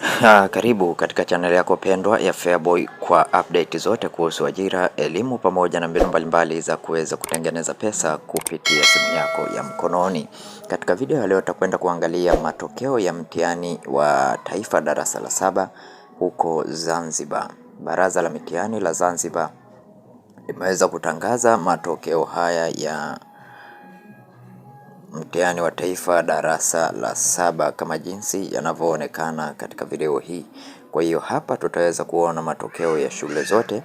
Ha, ah, karibu katika channel yako pendwa ya Feaboy kwa update zote kuhusu ajira, elimu pamoja na mbinu mbalimbali za kuweza kutengeneza pesa kupitia simu yako ya mkononi. Katika video ya leo tutakwenda kuangalia matokeo ya mtihani wa taifa darasa la saba huko Zanzibar. Baraza la mitihani la Zanzibar limeweza kutangaza matokeo haya ya Mtihani wa taifa darasa la saba kama jinsi yanavyoonekana katika video hii. Kwa hiyo hapa tutaweza kuona matokeo ya shule zote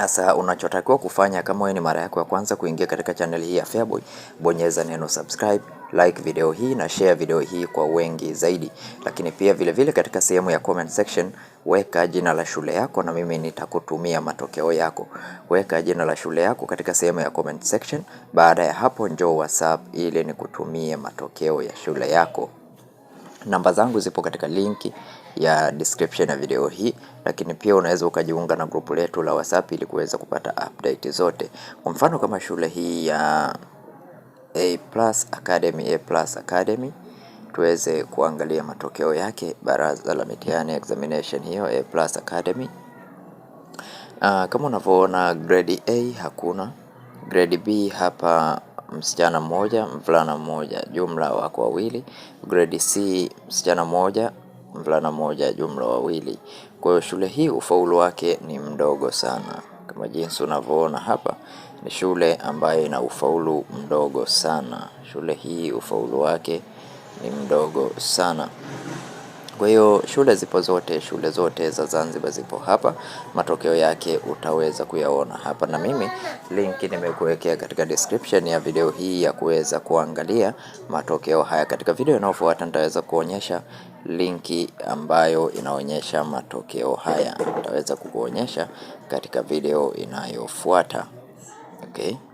sasa unachotakiwa kufanya kama wewe ni mara yako ya kwanza kuingia katika channel hii ya Feaboy, bonyeza neno subscribe, like video hii na share video hii kwa wengi zaidi. Lakini pia vilevile vile katika sehemu ya comment section weka jina la shule yako na mimi nitakutumia matokeo yako. Weka jina la shule yako katika sehemu ya comment section. Baada ya hapo, njoo WhatsApp ili nikutumie matokeo ya shule yako. Namba zangu zipo katika linki ya description ya video hii, lakini pia unaweza ukajiunga na grupu letu la WhatsApp ili kuweza kupata update zote. Kwa mfano kama shule hii ya A Academy, A Academy tuweze kuangalia matokeo yake, baraza la mitihani examination hiyo A Academy. Uh, kama unavyoona grade A hakuna, grade B hapa msichana mmoja, mvulana mmoja, jumla wako wawili. Grade C msichana mmoja, mvulana mmoja, jumla wawili. Kwa hiyo shule hii ufaulu wake ni mdogo sana, kama jinsi unavyoona hapa, ni shule ambayo ina ufaulu mdogo sana. Shule hii ufaulu wake ni mdogo sana. Kwa hiyo shule zipo zote, shule zote za Zanzibar zipo hapa, matokeo yake utaweza kuyaona hapa, na mimi linki nimekuwekea katika description ya video hii ya kuweza kuangalia matokeo haya. Katika video inayofuata nitaweza kuonyesha linki ambayo inaonyesha matokeo haya, nitaweza kukuonyesha katika video inayofuata okay.